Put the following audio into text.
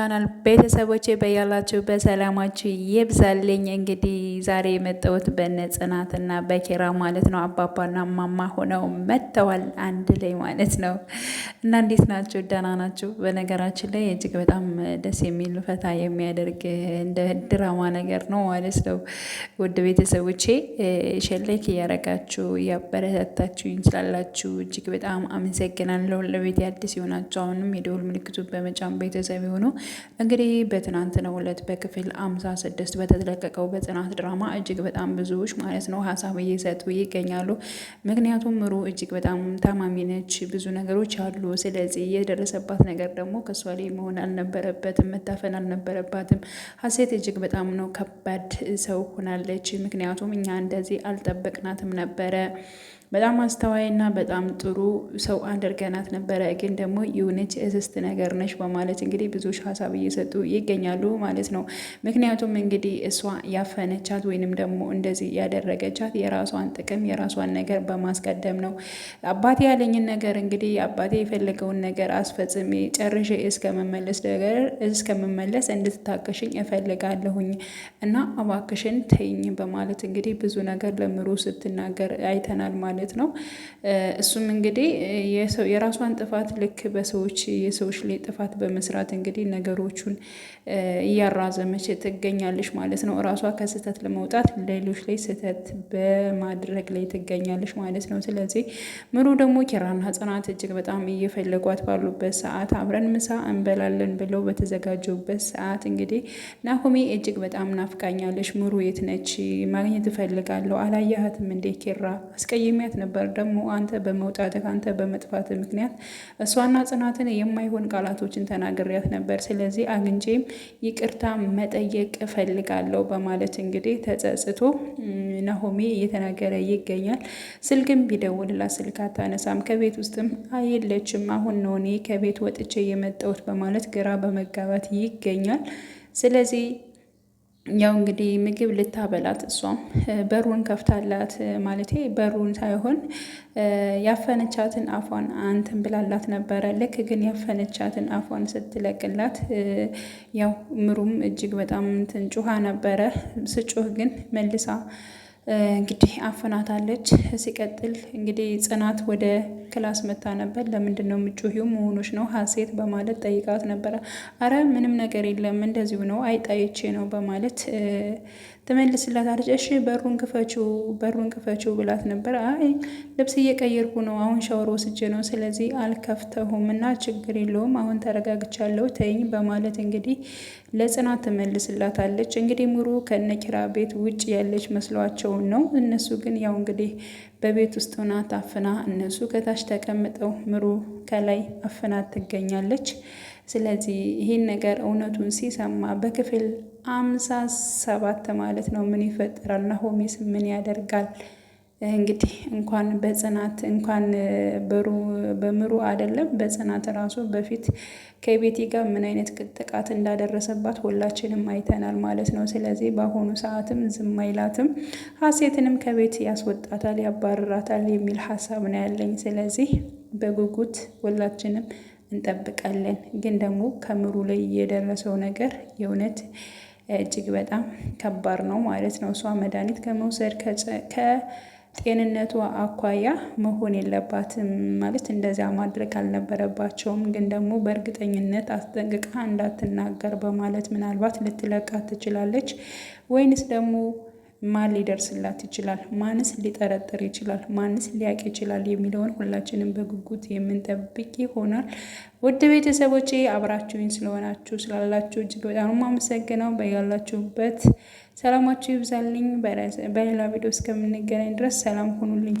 ቻናል ቤተሰቦቼ በያላችሁ በሰላማችሁ ይብዛልኝ። እንግዲህ ዛሬ የመጣሁት በነ ጽናትና በኬራ ማለት ነው። አባባና ማማ ሆነው መጥተዋል አንድ ላይ ማለት ነው። እና እንዴት ናችሁ? ደህና ናችሁ? በነገራችን ላይ እጅግ በጣም ደስ የሚል ፈታ የሚያደርግ እንደ ድራማ ነገር ነው ማለት ነው። ውድ ቤተሰቦቼ ሸለክ እያረጋችሁ እያበረታታችሁ እንችላላችሁ። እጅግ በጣም አመሰግናለሁ። ለቤት አዲስ የሆናችሁ አሁንም የደውል ምልክቱ በመጫን ቤተሰብ የሆነው እንግዲህ በትናንትናው ዕለት በክፍል አምሳ ስድስት በተለቀቀው በጽናት ድራማ እጅግ በጣም ብዙዎች ማለት ነው ሀሳብ እየሰጡ ይገኛሉ። ምክንያቱም ምሩ እጅግ በጣም ታማሚ ነች፣ ብዙ ነገሮች አሉ። ስለዚህ የደረሰባት ነገር ደግሞ ከእሷ ላይ መሆን አልነበረበትም፣ መታፈን አልነበረባትም። ሀሴት እጅግ በጣም ነው ከባድ ሰው ሆናለች። ምክንያቱም እኛ እንደዚህ አልጠበቅናትም ነበረ በጣም አስተዋይና በጣም ጥሩ ሰው አድርገናት ነበረ። ግን ደግሞ የሆነች እስስት ነገር ነች በማለት እንግዲህ ብዙዎች ሀሳብ እየሰጡ ይገኛሉ ማለት ነው። ምክንያቱም እንግዲህ እሷ ያፈነቻት ወይንም ደግሞ እንደዚህ ያደረገቻት የራሷን ጥቅም የራሷን ነገር በማስቀደም ነው። አባቴ ያለኝን ነገር እንግዲህ አባቴ የፈለገውን ነገር አስፈጽሜ ጨርሼ እስከመመለስ ነገር እስከመመለስ እንድትታቀሽኝ እፈልጋለሁኝ እና አባክሽን ተይኝ በማለት እንግዲህ ብዙ ነገር ለምሩ ስትናገር አይተናል ማለት ማለት ነው። እሱም እንግዲህ የራሷን ጥፋት ልክ በሰዎች የሰዎች ላይ ጥፋት በመስራት እንግዲህ ነገሮቹን እያራዘመች ትገኛለች ማለት ነው። እራሷ ከስህተት ለመውጣት ሌሎች ላይ ስህተት በማድረግ ላይ ትገኛለች ማለት ነው። ስለዚህ ምሩ ደግሞ ኪራና ጽናት እጅግ በጣም እየፈለጓት ባሉበት ሰዓት አብረን ምሳ እንበላለን ብለው በተዘጋጀበት ሰዓት እንግዲህ ናሆሜ እጅግ በጣም ናፍቃኛለች፣ ምሩ የት ነች? ማግኘት እፈልጋለሁ፣ አላየሃትም እንዴ ኪራ አስቀየሚያ ምክንያት ነበር። ደግሞ አንተ በመውጣትህ አንተ በመጥፋት ምክንያት እሷና ጽናትን የማይሆን ቃላቶችን ተናግሬያት ነበር። ስለዚህ አግኝቼም ይቅርታ መጠየቅ እፈልጋለሁ በማለት እንግዲህ ተጸጽቶ ናሆሜ እየተናገረ ይገኛል። ስልክም ቢደውልላት ስልክ አታነሳም፣ ከቤት ውስጥም አየለችም። አሁን ነው እኔ ከቤት ወጥቼ የመጣሁት በማለት ግራ በመጋባት ይገኛል። ስለዚህ ያው እንግዲህ ምግብ ልታበላት እሷም በሩን ከፍታላት፣ ማለቴ በሩን ሳይሆን ያፈነቻትን አፏን አንትን ብላላት ነበረ። ልክ ግን ያፈነቻትን አፏን ስትለቅላት ያው ምሩም እጅግ በጣም እንትን ጩሃ ነበረ። ስጩህ ግን መልሳ እንግዲህ አፍናታለች። ሲቀጥል እንግዲህ ጽናት ወደ ክላስ መታ ነበር። ለምንድን ነው ምጩሂው መሆኖች ነው ሀሴት በማለት ጠይቃት ነበረ። አረ ምንም ነገር የለም እንደዚሁ ነው አይጣይቼ ነው በማለት ትመልስላታለች። እሺ በሩን ክፈችው፣ በሩን ክፈችው ብላት ነበር። አይ ልብስ እየቀየርኩ ነው፣ አሁን ሻወር ወስጄ ነው፣ ስለዚህ አልከፍተሁም እና ችግር የለውም አሁን ተረጋግቻለሁ ተይኝ በማለት እንግዲህ ለጽናት ትመልስላታለች። እንግዲህ ሙሩ ከነኪራ ቤት ውጭ ያለች መስሏቸውን ነው። እነሱ ግን ያው እንግዲህ በቤት ውስጥ ሆና ታፍና እነሱ ከታች ተቀምጠው ምሩ ከላይ አፍና ትገኛለች። ስለዚህ ይህን ነገር እውነቱን ሲሰማ በክፍል አምሳ ሰባት ማለት ነው። ምን ይፈጠራል? ናሆሜስ ምን ያደርጋል? እንግዲህ እንኳን በጽናት እንኳን በሩ በምሩ አይደለም በጽናት ራሱ በፊት ከቤቲ ጋር ምን አይነት ጥቃት እንዳደረሰባት ሁላችንም አይተናል ማለት ነው። ስለዚህ በአሁኑ ሰዓትም ዝም አይላትም፣ ሀሴትንም ከቤት ያስወጣታል፣ ያባርራታል የሚል ሀሳብ ነው ያለኝ። ስለዚህ በጉጉት ሁላችንም እንጠብቃለን። ግን ደግሞ ከምሩ ላይ የደረሰው ነገር የእውነት እጅግ በጣም ከባድ ነው ማለት ነው። እሷ መድኃኒት ከመውሰድ ከጤንነቷ አኳያ መሆን የለባትም ማለት እንደዚያ ማድረግ አልነበረባቸውም። ግን ደግሞ በእርግጠኝነት አስጠንቅቃ እንዳትናገር በማለት ምናልባት ልትለቃት ትችላለች ወይንስ ደግሞ ማን ሊደርስላት ይችላል? ማንስ ሊጠረጥር ይችላል? ማንስ ሊያቅ ይችላል? የሚለውን ሁላችንም በጉጉት የምንጠብቅ ይሆናል። ውድ ቤተሰቦቼ አብራችሁኝ ስለሆናችሁ ስላላችሁ እጅግ በጣም አመሰግነው። በያላችሁበት ሰላማችሁ ይብዛልኝ። በሌላ ቪዲዮ እስከምንገናኝ ድረስ ሰላም ሁኑልኝ።